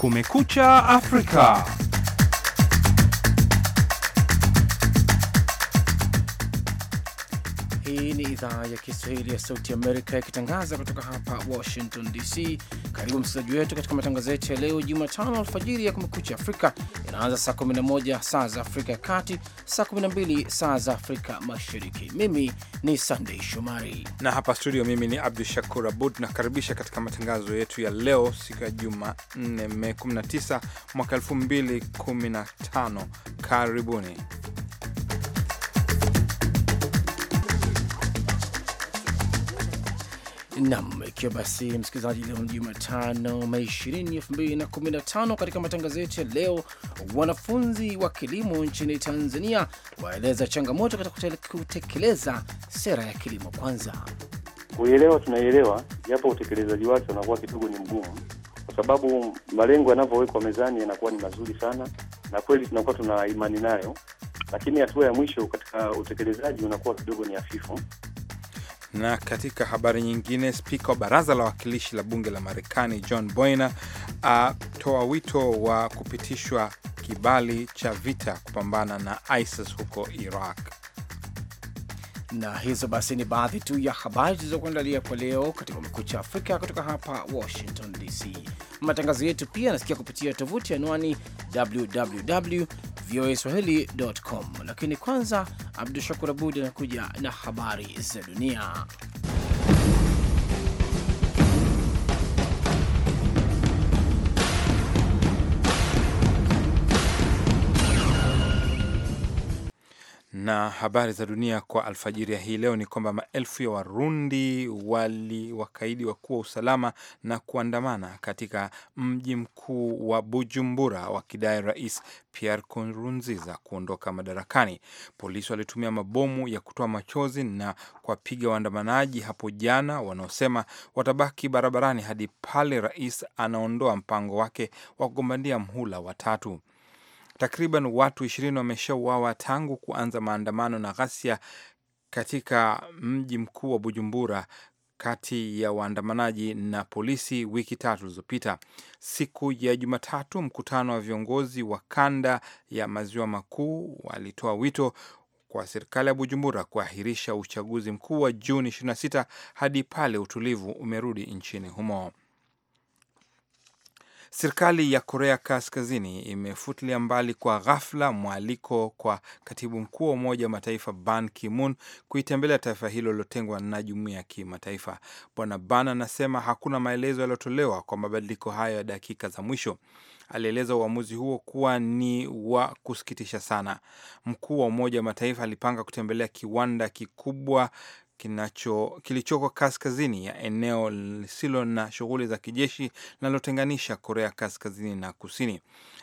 Kumekucha Afrika. Hii ni idhaa ya Kiswahili ya Sauti Amerika ikitangaza kutoka hapa Washington DC. Karibu msikilizaji wetu katika matangazo yetu ya leo Jumatano alfajiri ya Kumekucha Afrika yanaanza saa 11 saa za Afrika ya Kati, saa 12 saa za Afrika Mashariki. Mimi ni Sandei Shomari na hapa studio, mimi ni Abdu Shakur Abud. nakaribisha katika matangazo yetu ya leo siku ya Jumanne, Mei 19 mwaka 2015. Karibuni. Nam, ikiwa basi msikilizaji, leo ni Jumatano Mei na tano. Katika matangazo yetu ya leo, wanafunzi wa kilimo nchini Tanzania waeleza changamoto katika kutekeleza sera ya kilimo kwanza. Kuielewa tunaielewa, japo utekelezaji wake unakuwa kidogo ni mgumu, kwa sababu malengo yanavyowekwa mezani yanakuwa ni mazuri sana, na kweli tunakuwa tuna imani nayo, lakini hatua ya mwisho katika utekelezaji unakuwa kidogo ni hafifu. Na katika habari nyingine, spika wa baraza la wawakilishi la bunge la Marekani John Boehner atoa wito wa kupitishwa kibali cha vita kupambana na ISIS huko Iraq. Na hizo basi ni baadhi tu ya habari zilizokuandalia kwa leo katika Kumekucha Afrika kutoka hapa Washington DC. Matangazo yetu pia yanasikia kupitia tovuti anwani www voaswahili.com. Lakini kwanza Abdu Shakur Abud anakuja na habari za dunia. na habari za dunia kwa alfajiri ya hii leo ni kwamba maelfu ya Warundi wali wakaidi wakuu wa usalama na kuandamana katika mji mkuu wa Bujumbura wakidai Rais Pierre Nkurunziza kuondoka madarakani. Polisi walitumia mabomu ya kutoa machozi na kuwapiga waandamanaji hapo jana wanaosema watabaki barabarani hadi pale rais anaondoa mpango wake wa kugombania mhula watatu. Takriban watu ishirini wameshauawa tangu kuanza maandamano na ghasia katika mji mkuu wa Bujumbura kati ya waandamanaji na polisi wiki tatu zilizopita. Siku ya Jumatatu, mkutano wa viongozi wa kanda ya maziwa makuu walitoa wito kwa serikali ya Bujumbura kuahirisha uchaguzi mkuu wa Juni 26 hadi pale utulivu umerudi nchini humo. Serikali ya Korea Kaskazini imefutilia mbali kwa ghafla mwaliko kwa katibu mkuu wa Umoja wa Mataifa Ban Ki-moon kuitembelea taifa hilo lilotengwa na jumuiya ya kimataifa. Bwana Ban anasema hakuna maelezo yaliyotolewa kwa mabadiliko hayo ya dakika za mwisho. Alieleza uamuzi huo kuwa ni wa kusikitisha sana. Mkuu wa Umoja wa Mataifa alipanga kutembelea kiwanda kikubwa kinacho kilichoko kaskazini ya eneo lisilo na shughuli za kijeshi linalotenganisha Korea kaskazini na kusini.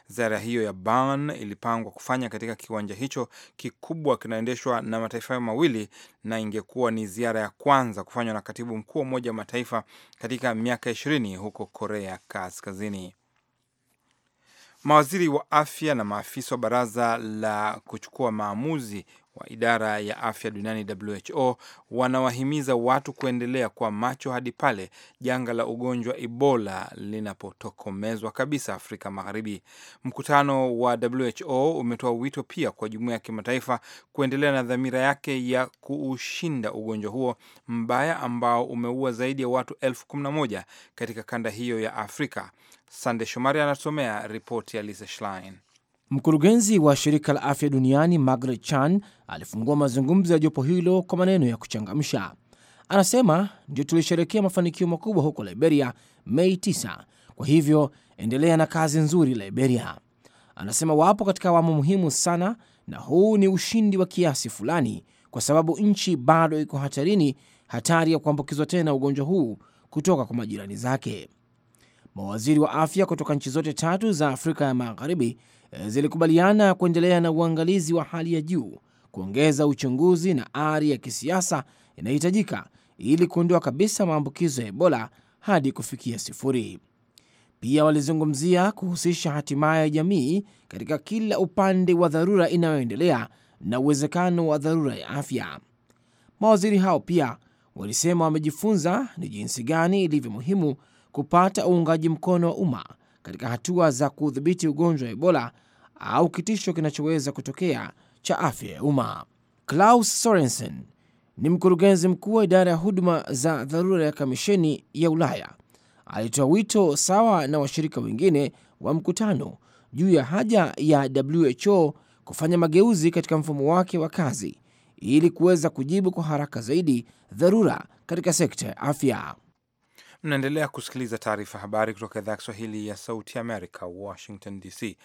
Ziara hiyo ya Ban ilipangwa kufanya katika kiwanja hicho kikubwa kinaendeshwa na mataifa mawili na ingekuwa ni ziara ya kwanza kufanywa na katibu mkuu wa Umoja wa Mataifa katika miaka ishirini huko Korea Kaskazini. Mawaziri wa afya na maafisa wa baraza la kuchukua maamuzi wa idara ya afya duniani WHO wanawahimiza watu kuendelea kwa macho hadi pale janga la ugonjwa Ebola linapotokomezwa kabisa Afrika Magharibi. Mkutano wa WHO umetoa wito pia kwa jumuiya ya kimataifa kuendelea na dhamira yake ya kuushinda ugonjwa huo mbaya ambao umeua zaidi ya watu elfu kumi na moja katika kanda hiyo ya Afrika. Sande Shomari anasomea ripoti ya Lisa Schlein. Mkurugenzi wa shirika la afya duniani Margaret Chan alifungua mazungumzo ya jopo hilo kwa maneno ya kuchangamsha. Anasema, ndio tulisherekea mafanikio makubwa huko Liberia Mei 9, kwa hivyo endelea na kazi nzuri Liberia. Anasema wapo katika awamu muhimu sana, na huu ni ushindi wa kiasi fulani, kwa sababu nchi bado iko hatarini, hatari ya kuambukizwa tena ugonjwa huu kutoka kwa majirani zake. Mawaziri wa afya kutoka nchi zote tatu za Afrika ya Magharibi zilikubaliana kuendelea na uangalizi wa hali ya juu, kuongeza uchunguzi na ari ya kisiasa inayohitajika ili kuondoa kabisa maambukizo ya Ebola hadi kufikia sifuri. Pia walizungumzia kuhusisha hatimaye ya jamii katika kila upande wa dharura inayoendelea na uwezekano wa dharura ya afya. Mawaziri hao pia walisema wamejifunza ni jinsi gani ilivyo muhimu kupata uungaji mkono wa umma katika hatua za kudhibiti ugonjwa wa Ebola au kitisho kinachoweza kutokea cha afya ya umma. Klaus Sorensen ni mkurugenzi mkuu wa idara ya huduma za dharura ya kamisheni ya Ulaya. Alitoa wito sawa na washirika wengine wa mkutano juu ya haja ya WHO kufanya mageuzi katika mfumo wake wa kazi ili kuweza kujibu kwa haraka zaidi dharura katika sekta ya afya. Mnaendelea kusikiliza taarifa habari kutoka idhaa ya Kiswahili ya Sauti Amerika, Washington DC.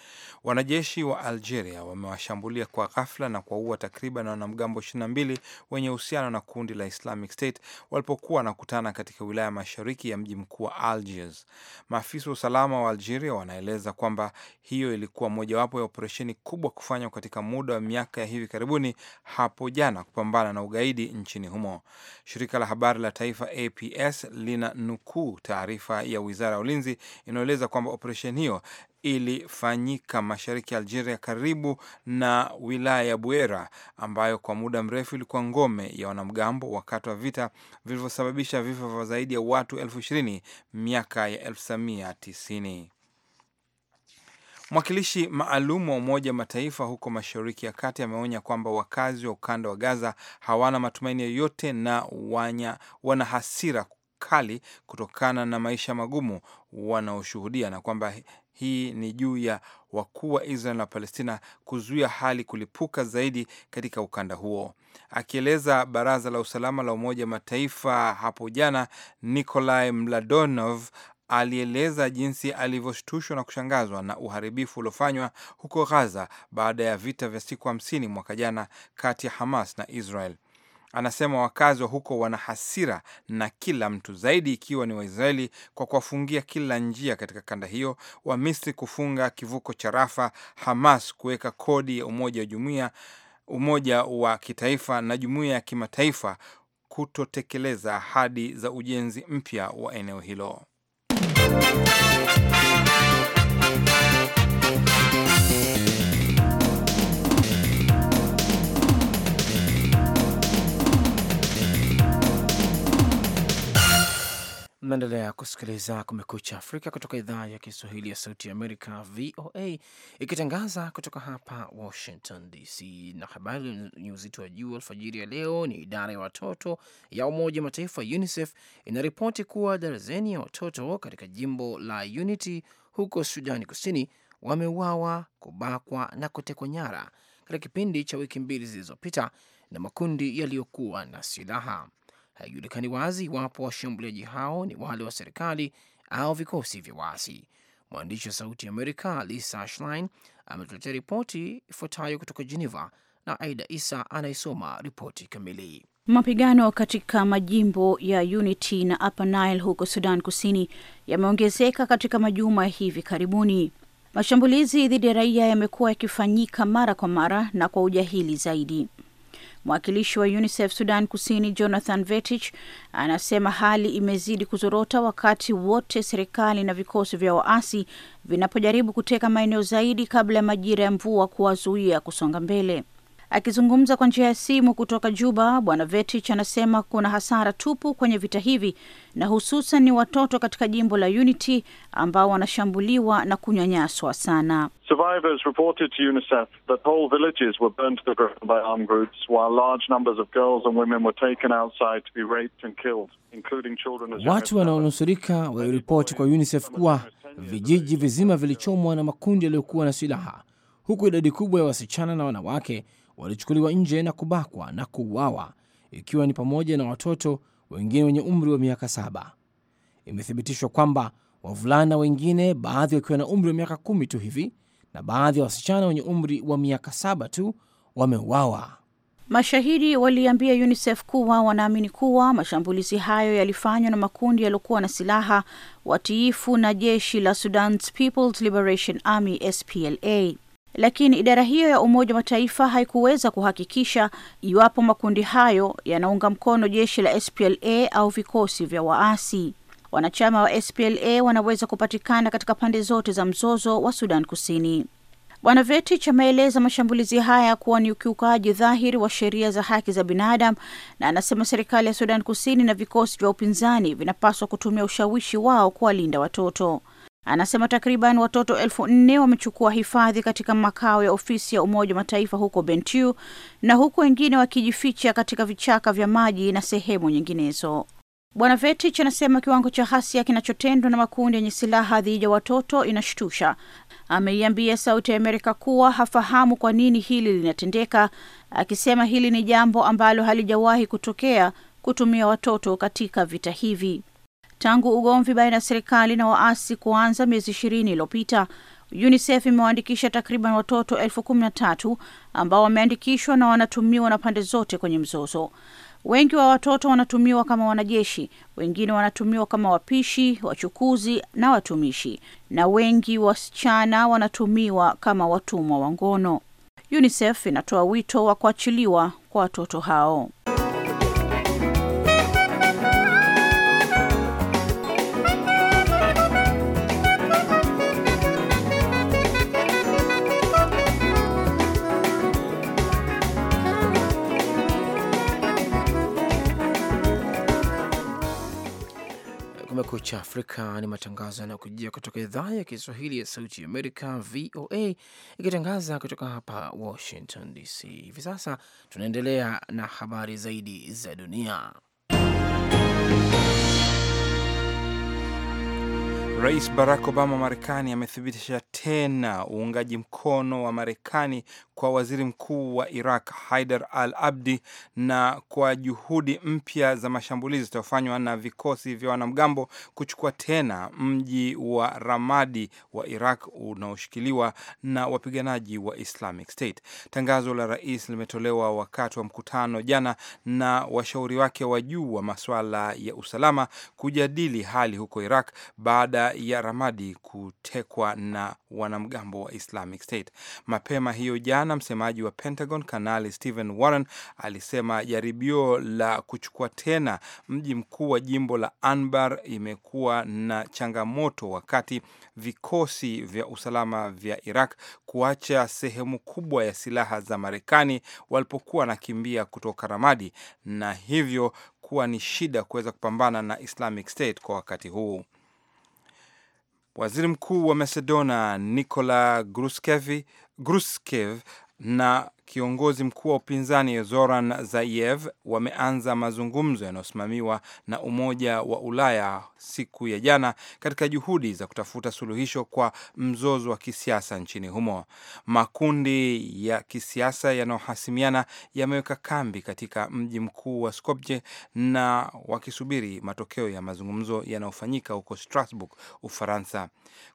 Wanajeshi wa Algeria wamewashambulia kwa ghafla na kuwaua takriban wanamgambo 22 wenye uhusiano na kundi la Islamic State walipokuwa wanakutana katika wilaya mashariki ya mji mkuu wa Algiers. Maafisa wa usalama wa Algeria wanaeleza kwamba hiyo ilikuwa mojawapo ya operesheni kubwa kufanywa katika muda wa miaka ya hivi karibuni hapo jana kupambana na ugaidi nchini humo. Shirika la habari la taifa APS lina nuku kuu. Taarifa ya wizara ya ulinzi inayoeleza kwamba operesheni hiyo ilifanyika mashariki ya Algeria, karibu na wilaya ya Buera, ambayo kwa muda mrefu ilikuwa ngome ya wanamgambo wakati wa vita vilivyosababisha vifo vya zaidi ya watu elfu ishirini miaka ya tisini. Mwakilishi maalum wa Umoja Mataifa huko Mashariki ya Kati ameonya kwamba wakazi wa ukanda wa Gaza hawana matumaini yoyote na wanya, wana hasira kali kutokana na maisha magumu wanaoshuhudia na kwamba hii ni juu ya wakuu wa Israel na Palestina kuzuia hali kulipuka zaidi katika ukanda huo. Akieleza baraza la usalama la Umoja Mataifa hapo jana, Nikolai Mladonov alieleza jinsi alivyoshtushwa na kushangazwa na uharibifu uliofanywa huko Gaza baada ya vita vya siku hamsini mwaka jana kati ya Hamas na Israel. Anasema wakazi wa huko wana hasira na kila mtu, zaidi ikiwa ni Waisraeli kwa kuwafungia kila njia katika kanda hiyo, wa Misri kufunga kivuko cha Rafa, Hamas kuweka kodi ya umoja wa jumuiya, umoja wa kitaifa na jumuiya ya kimataifa kutotekeleza ahadi za ujenzi mpya wa eneo hilo. kusikiliza Kumekucha Afrika kutoka idhaa ya Kiswahili ya Sauti ya Amerika, VOA, ikitangaza kutoka hapa Washington DC. Na habari yenye uzito wa juu alfajiri ya leo ni idara ya watoto ya Umoja Mataifa, UNICEF, inaripoti kuwa darazeni ya watoto katika jimbo la Unity huko Sudani Kusini wameuawa, kubakwa na kutekwa nyara katika kipindi cha wiki mbili zilizopita na makundi yaliyokuwa na silaha. Haijulikani wazi iwapo washambuliaji hao ni wale wa serikali au vikosi vya waasi. Mwandishi wa Sauti ya Amerika Lisa Schlein ametuletea ripoti ifuatayo kutoka Geneva na Aida Isa anayesoma ripoti kamili. Mapigano katika majimbo ya Unity na Upper Nile huko Sudan Kusini yameongezeka katika majuma hivi karibuni. Mashambulizi dhidi ya raia yamekuwa yakifanyika mara kwa mara na kwa ujahili zaidi. Mwakilishi wa UNICEF Sudan Kusini, Jonathan Vetich, anasema hali imezidi kuzorota wakati wote serikali na vikosi vya waasi vinapojaribu kuteka maeneo zaidi kabla ya majira ya mvua kuwazuia kusonga mbele. Akizungumza kwa njia ya simu kutoka Juba, Bwana Vetich anasema kuna hasara tupu kwenye vita hivi na hususan ni watoto katika jimbo la Unity ambao wanashambuliwa na kunyanyaswa sana. Survivors reported to UNICEF that whole villages were burned to the ground by armed groups while large numbers of girls and women were taken outside to be raped and killed including children Watu wanaonusurika waliripoti kwa UNICEF kuwa vijiji vizima vilichomwa na makundi yaliyokuwa na silaha huku idadi kubwa ya wasichana na wanawake walichukuliwa nje na kubakwa na kuuawa, ikiwa ni pamoja na watoto wengine wenye umri wa miaka saba. Imethibitishwa kwamba wavulana wengine, baadhi wakiwa na umri wa miaka kumi tu hivi na baadhi ya wasichana wenye umri wa miaka saba tu wameuawa. Mashahidi waliambia UNICEF kuwa wanaamini kuwa mashambulizi hayo yalifanywa na makundi yaliokuwa na silaha watiifu na jeshi la Sudan's People's Liberation Army SPLA lakini idara hiyo ya Umoja wa Mataifa haikuweza kuhakikisha iwapo makundi hayo yanaunga mkono jeshi la SPLA au vikosi vya waasi. Wanachama wa SPLA wanaweza kupatikana katika pande zote za mzozo wa Sudan Kusini. Bwana Vetich ameeleza mashambulizi haya kuwa ni ukiukaji dhahiri wa sheria za haki za binadamu, na anasema serikali ya Sudan Kusini na vikosi vya upinzani vinapaswa kutumia ushawishi wao kuwalinda watoto. Anasema takriban watoto elfu nne wamechukua hifadhi katika makao ya ofisi ya Umoja wa Mataifa huko Bentiu na huku wengine wakijificha katika vichaka vya maji na sehemu nyinginezo. Bwana Vetich anasema kiwango cha hasia kinachotendwa na makundi yenye silaha dhidi ya watoto inashtusha. Ameiambia Sauti ya Amerika kuwa hafahamu kwa nini hili linatendeka, akisema hili ni jambo ambalo halijawahi kutokea kutumia watoto katika vita hivi. Tangu ugomvi baina ya serikali na waasi kuanza miezi ishirini iliyopita, UNICEF imewaandikisha takriban watoto elfu kumi na tatu ambao wameandikishwa na wanatumiwa na pande zote kwenye mzozo. Wengi wa watoto wanatumiwa kama wanajeshi, wengine wanatumiwa kama wapishi, wachukuzi na watumishi, na wengi wasichana wanatumiwa kama watumwa wa ngono. UNICEF inatoa wito wa kuachiliwa kwa watoto hao. Kumekucha Afrika ni matangazo yanayokujia kutoka idhaa ya Kiswahili ya Sauti ya Amerika, VOA, ikitangaza kutoka hapa Washington DC. Hivi sasa tunaendelea na habari zaidi za dunia. Rais Barack Obama wa Marekani amethibitisha tena uungaji mkono wa Marekani kwa waziri mkuu wa Iraq Haidar al Abdi na kwa juhudi mpya za mashambulizi zitayofanywa na vikosi vya wanamgambo kuchukua tena mji wa Ramadi wa Iraq unaoshikiliwa na wapiganaji wa Islamic State. Tangazo la rais limetolewa wakati wa mkutano jana na washauri wake wa juu wa masuala ya usalama kujadili hali huko Iraq baada ya Ramadi kutekwa na wanamgambo wa Islamic State. Mapema hiyo jana, msemaji wa Pentagon Kanali Stephen Warren alisema jaribio la kuchukua tena mji mkuu wa jimbo la Anbar imekuwa na changamoto wakati vikosi vya usalama vya Iraq kuacha sehemu kubwa ya silaha za Marekani walipokuwa wanakimbia kutoka Ramadi na hivyo kuwa ni shida kuweza kupambana na Islamic State kwa wakati huu. Waziri mkuu wa Macedonia Nicola Gruskev na kiongozi mkuu wa upinzani Zoran Zaev wameanza mazungumzo yanayosimamiwa na Umoja wa Ulaya siku ya jana katika juhudi za kutafuta suluhisho kwa mzozo wa kisiasa nchini humo. Makundi ya kisiasa yanayohasimiana yameweka kambi katika mji mkuu wa Skopje na wakisubiri matokeo ya mazungumzo yanayofanyika huko Strasbourg, Ufaransa.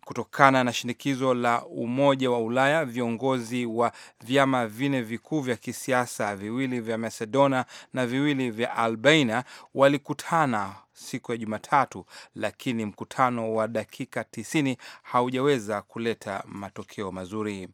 Kutokana na shinikizo la Umoja wa Ulaya, viongozi wa vyama vine vikuu vya kisiasa viwili vya Macedonia na viwili vya Albania walikutana siku ya Jumatatu, lakini mkutano wa dakika 90 haujaweza kuleta matokeo mazuri.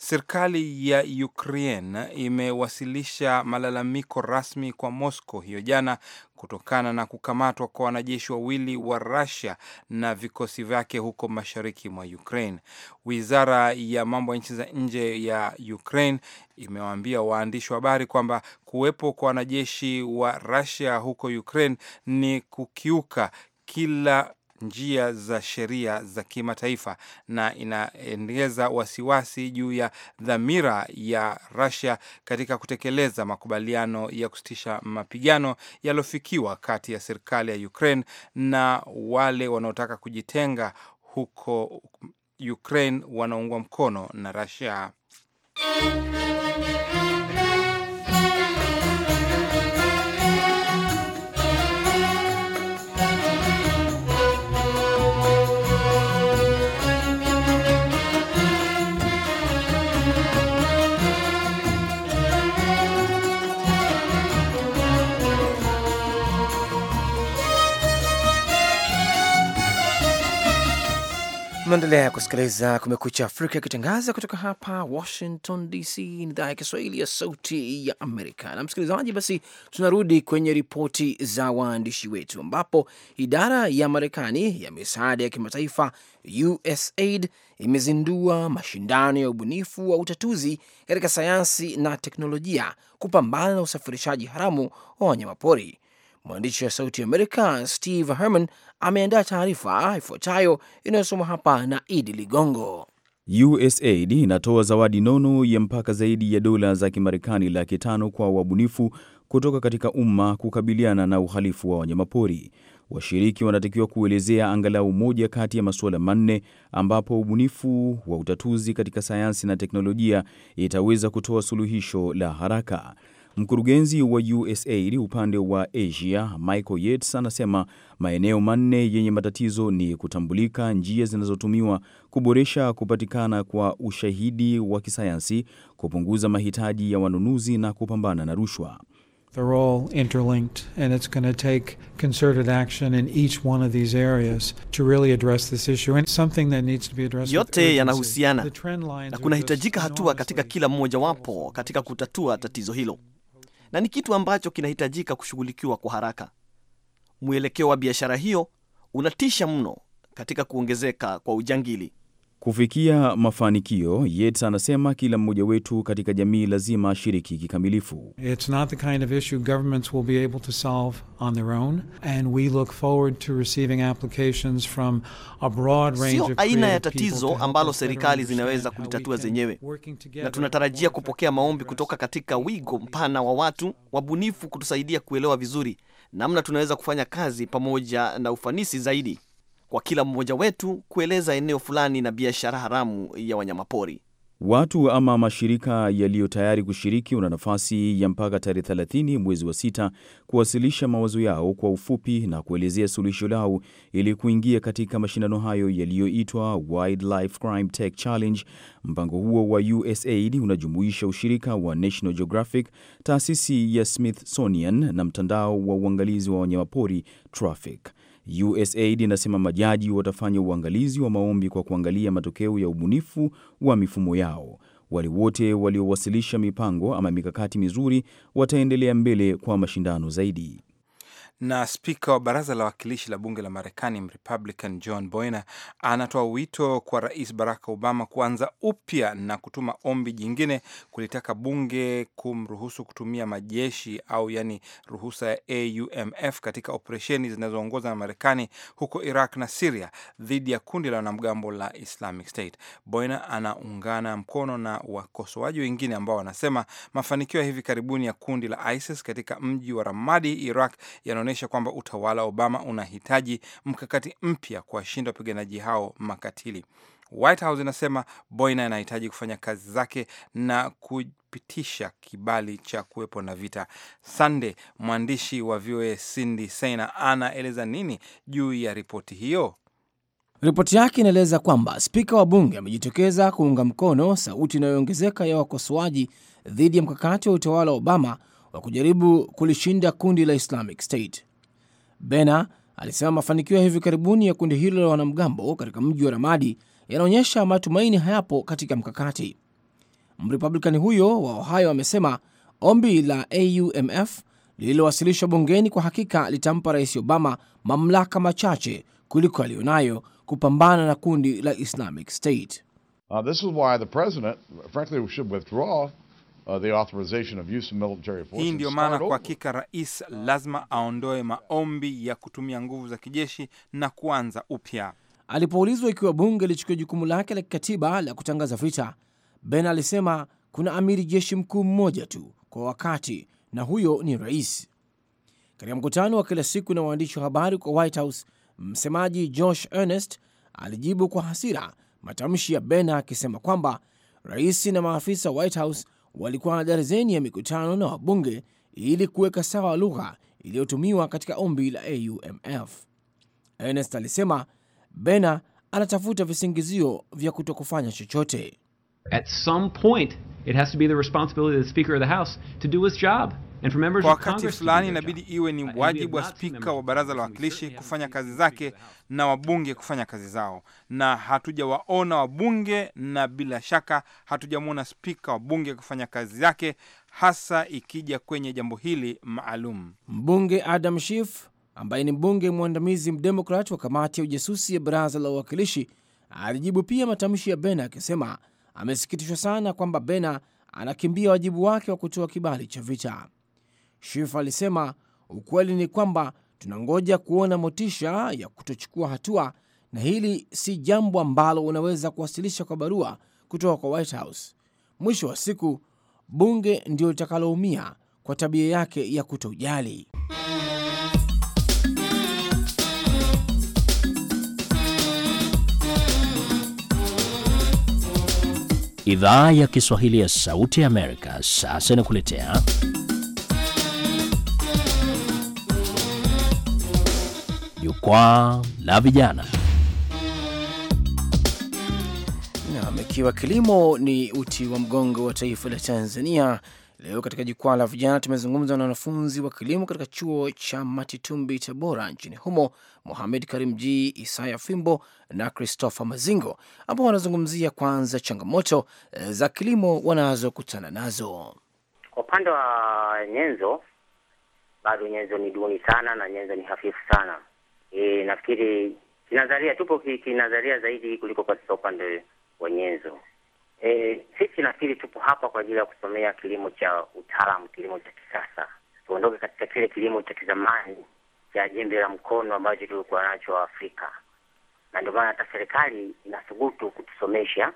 Serikali ya Ukraine imewasilisha malalamiko rasmi kwa Moscow hiyo jana kutokana na kukamatwa kwa wanajeshi wawili wa Russia na vikosi vyake huko mashariki mwa Ukraine. Wizara ya mambo ya nchi za nje ya Ukraine imewaambia waandishi wa habari kwamba kuwepo kwa wanajeshi wa Russia huko Ukraine ni kukiuka kila njia za sheria za kimataifa na inaendeleza wasiwasi juu ya dhamira ya Russia katika kutekeleza makubaliano ya kusitisha mapigano yaliyofikiwa kati ya serikali ya Ukraine na wale wanaotaka kujitenga huko Ukraine wanaungwa mkono na Russia. Tunaendelea kusikiliza Kumekucha Afrika ikitangaza kutoka hapa Washington DC, idhaa ya Kiswahili ya Sauti ya Amerika. Na msikilizaji, basi tunarudi kwenye ripoti za waandishi wetu, ambapo idara ya Marekani ya misaada ya kimataifa USAID imezindua mashindano ya ubunifu wa utatuzi katika sayansi na teknolojia kupambana na usafirishaji haramu wa wanyamapori Mwandishi wa Sauti Amerika Steve Herman ameandaa taarifa ifuatayo inayosoma hapa na Idi Ligongo. USAID inatoa zawadi nono ya mpaka zaidi ya dola za Kimarekani laki tano kwa wabunifu kutoka katika umma kukabiliana na uhalifu wa wanyamapori. Washiriki wanatakiwa kuelezea angalau moja kati ya masuala manne ambapo ubunifu wa utatuzi katika sayansi na teknolojia itaweza kutoa suluhisho la haraka. Mkurugenzi wa USAID upande wa Asia, Michael Yates, anasema maeneo manne yenye matatizo ni kutambulika njia zinazotumiwa kuboresha kupatikana kwa ushahidi wa kisayansi, kupunguza mahitaji ya wanunuzi na kupambana na rushwa. They're all interlinked, and it's going to take concerted action in each one of these areas to really address this issue. And something that needs to be addressed. Yote yanahusiana na kunahitajika hatua katika kila mmojawapo katika kutatua tatizo hilo na ni kitu ambacho kinahitajika kushughulikiwa kwa haraka. Mwelekeo wa biashara hiyo unatisha mno katika kuongezeka kwa ujangili. Kufikia mafanikio, Yates anasema kila mmoja wetu katika jamii lazima ashiriki kikamilifu. kind of of. Sio aina ya tatizo ambalo serikali zinaweza kulitatua zenyewe, na tunatarajia kupokea maombi kutoka katika wigo mpana wa watu wabunifu kutusaidia kuelewa vizuri namna tunaweza kufanya kazi pamoja na ufanisi zaidi kwa kila mmoja wetu kueleza eneo fulani na biashara haramu ya wanyamapori. Watu ama mashirika yaliyo tayari kushiriki una nafasi ya mpaka tarehe 30 mwezi wa sita kuwasilisha mawazo yao kwa ufupi na kuelezea suluhisho lao ili kuingia katika mashindano hayo yaliyoitwa Wildlife Crime Tech Challenge. Mpango huo wa USAID unajumuisha ushirika wa National Geographic, taasisi ya Smithsonian na mtandao wa uangalizi wa wanyamapori Traffic. USAID inasema majaji watafanya uangalizi wa maombi kwa kuangalia matokeo ya ubunifu wa mifumo yao. Wale wote waliowasilisha mipango ama mikakati mizuri wataendelea mbele kwa mashindano zaidi. Na spika wa baraza la wakilishi la bunge la Marekani Mrepublican John Boehner anatoa wito kwa Rais Barack Obama kuanza upya na kutuma ombi jingine kulitaka bunge kumruhusu kutumia majeshi au yani ruhusa ya AUMF katika operesheni zinazoongozwa na Marekani huko Iraq na Siria dhidi ya kundi la wanamgambo la Islamic State. Boehner anaungana mkono na wakosoaji wengine ambao wanasema mafanikio ya hivi karibuni ya kundi la ISIS katika mji wa Ramadi, Iraq, yanaonyesha inaonyesha kwamba utawala wa Obama unahitaji mkakati mpya kuwashinda wapiganaji hao makatili. White House inasema Boina anahitaji kufanya kazi zake na kupitisha kibali cha kuwepo na vita. Sande, mwandishi wa VOA Cindy seina anaeleza nini juu ya ripoti hiyo? Ripoti yake inaeleza kwamba spika wa bunge amejitokeza kuunga mkono sauti inayoongezeka ya wakosoaji dhidi ya mkakati wa utawala wa Obama wa kujaribu kulishinda kundi la Islamic State. Bena alisema mafanikio ya hivi karibuni ya kundi hilo la wanamgambo katika mji wa Ramadi yanaonyesha matumaini hayapo katika mkakati. Mrepublikani huyo wa Ohio amesema ombi la AUMF lililowasilishwa bungeni kwa hakika litampa Rais Obama mamlaka machache kuliko aliyonayo kupambana na kundi la Islamic State. Uh, this is why the president, frankly, should withdraw Uh, Hii ndiyo maana kwa hakika rais lazima aondoe maombi ya kutumia nguvu za kijeshi na kuanza upya. Alipoulizwa ikiwa bunge lichukua jukumu lake la kikatiba la kutangaza vita, Ben alisema kuna amiri jeshi mkuu mmoja tu kwa wakati na huyo ni rais. Katika mkutano wa kila siku na waandishi wa habari kwa White House, msemaji Josh Earnest alijibu kwa hasira matamshi ya Ben akisema kwamba rais na maafisa White House walikuwa na darzeni ya mikutano na wabunge ili kuweka sawa lugha iliyotumiwa katika ombi la AUMF. Ernest alisema Bena anatafuta visingizio vya kutokufanya chochote. At some point It has to be the responsibility of the Speaker of the House to do his job. And for members kwa wakati fulani inabidi iwe ni wajibu wa spika wa baraza la wakilishi kufanya kazi zake na wabunge kufanya kazi zao, na hatujawaona wabunge, na bila shaka hatujamwona spika wa bunge kufanya kazi zake hasa ikija kwenye jambo hili maalum. Mbunge Adam Schiff ambaye ni mbunge mwandamizi mdemokrat wa kamati ya ujasusi ya baraza la wawakilishi alijibu pia matamshi ya Bena akisema amesikitishwa sana kwamba Bena anakimbia wajibu wake wa kutoa kibali cha vita. Shif alisema ukweli ni kwamba tunangoja kuona motisha ya kutochukua hatua, na hili si jambo ambalo unaweza kuwasilisha kwa barua kutoka kwa White House. Mwisho wa siku bunge ndio litakaloumia kwa tabia yake ya kutojali. Idhaa ya Kiswahili ya Sauti ya Amerika sasa inakuletea Jukwaa la Vijana. Naam, ikiwa kilimo ni uti wa mgongo wa taifa la Tanzania, Leo katika jukwaa la vijana tumezungumza na wanafunzi wa kilimo katika chuo cha Matitumbi, Tabora nchini humo, muhamed karim ji Isaya Fimbo na Christopher Mazingo, ambao wanazungumzia kwanza changamoto eh, za kilimo wanazokutana nazo. Kwa upande wa nyenzo, bado nyenzo ni duni sana na nyenzo ni hafifu sana. E, nafikiri kinadharia tupo kinadharia zaidi kuliko katika upande wa nyenzo E, sisi nafikiri tupo hapa kwa ajili ya kusomea kilimo cha utaalamu, kilimo cha kisasa, tuondoke katika kile kilimo cha kizamani cha jembe la mkono ambacho tulikuwa nacho Waafrika, na ndio maana hata serikali inathubutu kutusomesha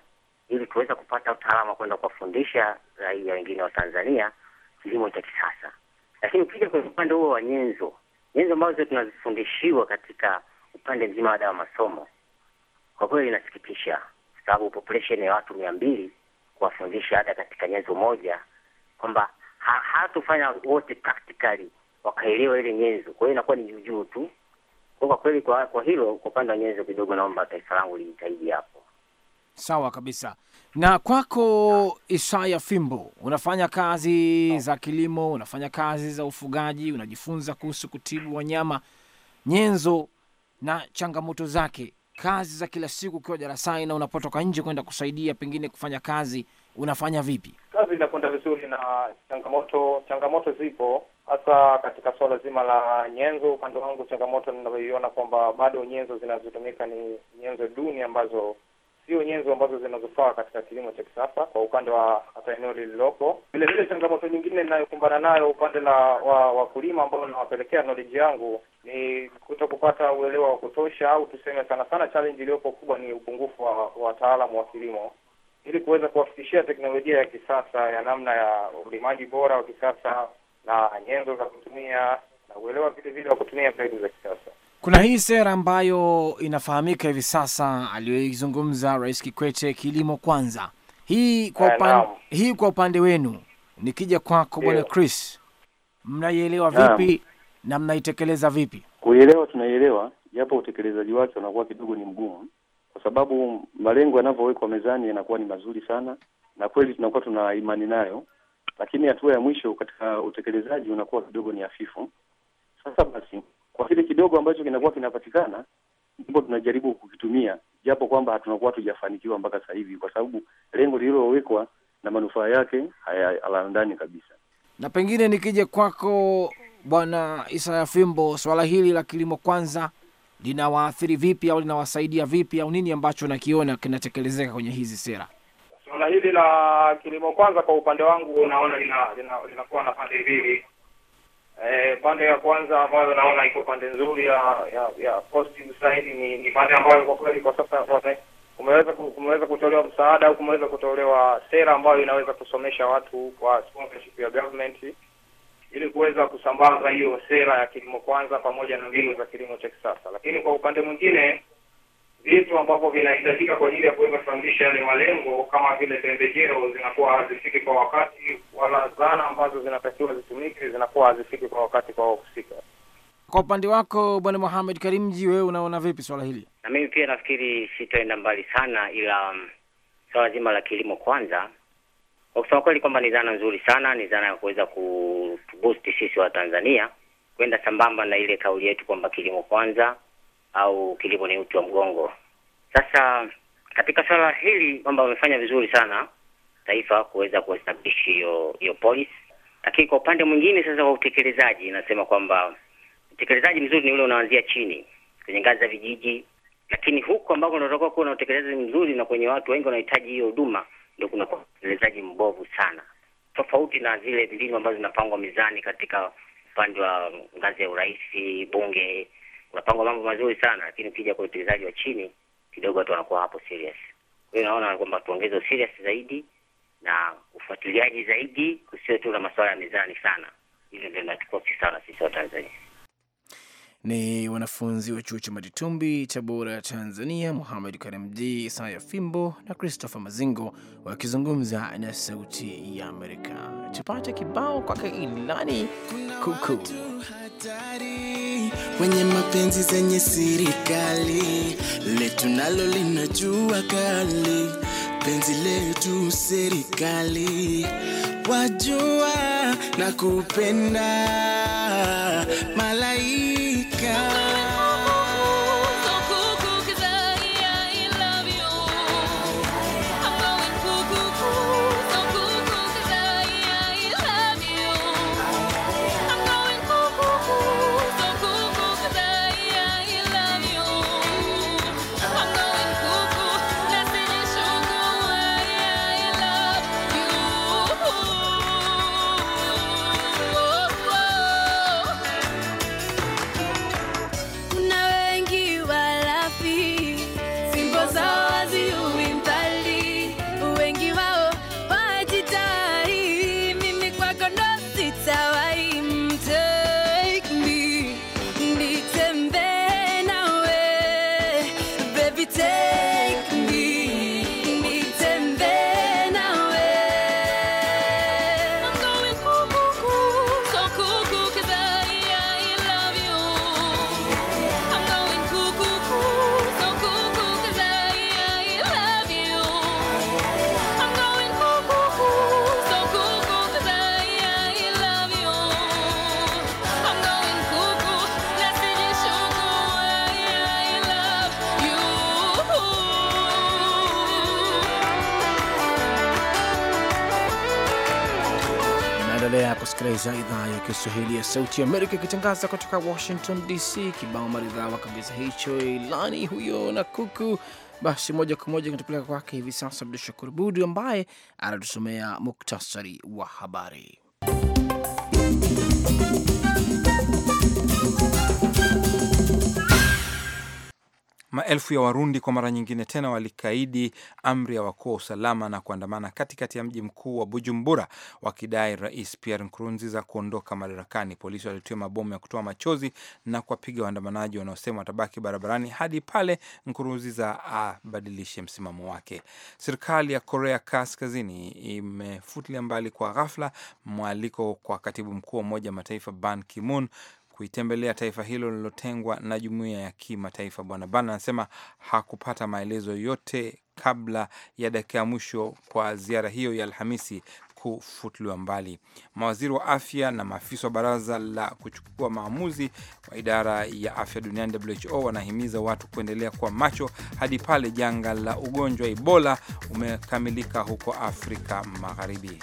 ili tuweze kupata utaalamu wa kwenda kuwafundisha raia wengine wa Tanzania kilimo cha kisasa. Lakini ukija kwenye upande huo wa nyenzo, nyenzo ambazo tunazifundishiwa katika upande mzima wa dawa masomo, kwa kweli inasikitisha sababu population ya watu mia mbili kuwafundisha hata katika nyenzo moja, kwamba hatufanya ha wote practically wakaelewa ile nyenzo, kwa hiyo inakuwa ni juujuu tu. Kwa kweli kwa, kwa hilo kwa upande wa nyenzo kidogo, naomba taifa langu lijitahidi hapo. Sawa kabisa. Na kwako Isaya Fimbo, unafanya kazi za kilimo, unafanya kazi za ufugaji, unajifunza kuhusu kutibu wanyama, nyenzo na changamoto zake kazi za kila siku ukiwa darasani na unapotoka nje kwenda kusaidia pengine kufanya kazi, unafanya vipi? Kazi inakwenda vizuri na changamoto, changamoto zipo hasa katika suala zima la nyenzo. Upande wangu, changamoto ninavyoiona kwamba bado nyenzo zinazotumika ni nyenzo duni ambazo sio nyenzo ambazo zinazofaa katika kilimo cha kisasa kwa upande wa hata eneo lililopo. Vile vile changamoto nyingine inayokumbana nayo upande la wa wakulima ambao inawapelekea knowledge yangu ni kuto kupata uelewa wa kutosha, au tuseme sana sana challenge iliyopo kubwa ni upungufu wa wataalamu wa kilimo ili kuweza kuwafikishia teknolojia ya kisasa ya namna ya ulimaji bora wa kisasa na nyenzo za kutumia na uelewa vile vile wa kutumia mbegu za kisasa. Kuna hii sera ambayo inafahamika hivi sasa aliyoizungumza Rais Kikwete, kilimo kwanza. Hii kwa eh, upande, hii kwa upande wenu, nikija kwako Bwana Chris, mnaielewa vipi? na mnaitekeleza vipi? Kuielewa tunaielewa, japo utekelezaji wake unakuwa kidogo ni mgumu, kwa sababu malengo yanavyowekwa mezani yanakuwa ni mazuri sana, na kweli tunakuwa tuna imani nayo, lakini hatua ya mwisho katika utekelezaji unakuwa kidogo ni hafifu. Sasa basi, kwa kile kidogo ambacho kinakuwa kinapatikana ndipo tunajaribu kukitumia, japo kwamba hatunakuwa tujafanikiwa mpaka sasa hivi, kwa sababu lengo lililowekwa na manufaa yake hayalandani kabisa. Na pengine nikija kwako Bwana Isaya Fimbo, swala hili la kilimo kwanza linawaathiri vipi au linawasaidia vipi au nini ambacho nakiona kinatekelezeka kwenye hizi sera? Swala hili la kilimo kwanza, kwa upande wangu, unaona linakuwa lina, lina, na pande mbili e, pande ya kwanza ambayo naona iko pande nzuri ya ya, ya positive ni, ni pande ambayo kwa kweli kwa sasa kumeweza kumeweza kutolewa msaada au kumeweza kutolewa sera ambayo inaweza kusomesha watu kwa sponsorship ya government ili kuweza kusambaza hiyo sera ya kilimo kwanza pamoja na mbinu za kilimo cha kisasa. Lakini kwa upande mwingine, vitu ambavyo vinahitajika kwa ajili ya kuweza kufanikisha yale malengo kama vile pembejeo zinakuwa hazifiki kwa wakati, wala zana ambazo zinatakiwa zitumike zinakuwa hazifiki kwa wakati kwa wahusika. Kwa upande wako Bwana Mohamed Karimji, wewe unaona vipi swala hili? Na mimi pia nafikiri sitaenda mbali sana, ila swala zima la kilimo kwanza kwa kusema kweli kwamba ni dhana nzuri sana, ni dhana ya kuweza kuboost sisi wa Tanzania kwenda sambamba na ile kauli yetu kwamba kilimo kwanza au kilimo ni uti wa mgongo. Sasa katika swala hili kwamba wamefanya vizuri sana taifa kuweza kuestablish hiyo hiyo policy, lakini kwa upande mwingine sasa kwa utekelezaji, nasema kwamba utekelezaji mzuri ni ule unaanzia chini kwenye ngazi za vijiji, lakini huko ambako unatoka kuwa na utekelezaji mzuri na kwenye watu wengi wanahitaji hiyo huduma ndio kuna utekelezaji mbovu sana, tofauti na zile mbinu ambazo zinapangwa mizani katika upande wa ngazi ya urais, bunge, unapangwa mambo mazuri sana, lakini ukija kwa utekelezaji wa chini kidogo watu wanakuwa hapo serious. Kwa hiyo naona kwamba tuongeze serious zaidi na ufuatiliaji zaidi, kusio tu na masuala ya mizani sana. Hilo ndio linatukosi sana sisi Watanzania ni wanafunzi wa chuo cha Matitumbi Tabora, Tanzania, Muhamed Karimji, Isaya Fimbo na Christopher Mazingo wakizungumza na Sauti ya Amerika. Tupate kibao kwake Ilani Kuku. kwenye mapenzi zenye sirikali letu nalo linajua kali penzi letu serikali wajua na kupenda Unaendelea kusikiliza idhaa ya Kiswahili ya Sauti ya Amerika ikitangaza kutoka Washington DC. Kibao maridhawa kabisa hicho, Ilani huyo na kuku. Basi moja kwa moja kinatupeleka kwake hivi sasa Abdu Shakur Budu ambaye anatusomea muktasari wa habari. Maelfu ya Warundi kwa mara nyingine tena walikaidi amri ya wakuu wa usalama na kuandamana katikati ya mji mkuu wa Bujumbura wakidai Rais Pierre Nkurunziza kuondoka madarakani. Polisi walitua mabomu ya kutoa machozi na kuwapiga waandamanaji wanaosema watabaki barabarani hadi pale Nkurunziza abadilishe msimamo wake. Serikali ya Korea Kaskazini imefutilia mbali kwa ghafla mwaliko kwa katibu mkuu wa Umoja wa Mataifa Ban Ki-moon kuitembelea taifa hilo lililotengwa na jumuiya ya kimataifa. Bwana Ban anasema hakupata maelezo yote kabla ya dakika ya mwisho kwa ziara hiyo ya Alhamisi kufutuliwa mbali. Mawaziri wa afya na maafisa wa baraza la kuchukua maamuzi wa idara ya afya duniani WHO wanahimiza watu kuendelea kuwa macho hadi pale janga la ugonjwa Ebola umekamilika huko Afrika Magharibi.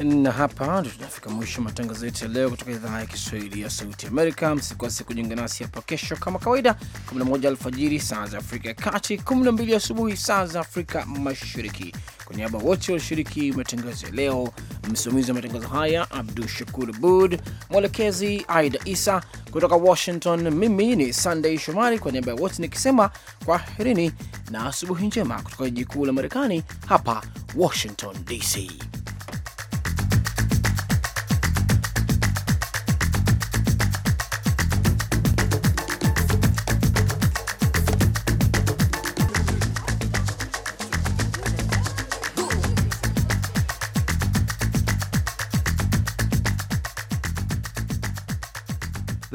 Na hapa ndio tunafika mwisho matangazo yetu ya leo kutoka idhaa ya Kiswahili ya Sauti Amerika. Msikose kujiunga nasi hapo kesho kama kawaida, 11 alfajiri saa za Afrika ya Kati, 12 asubuhi saa za Afrika Mashariki. Kwa niaba wote walioshiriki matangazo ya leo, msimamizi wa matangazo haya Abdu Shakur Abud, mwelekezi Aida Isa kutoka Washington, mimi ni Sandey Shomari kwa niaba ya wote nikisema kwaherini na asubuhi njema kutoka jiji kuu la Marekani, hapa Washington DC.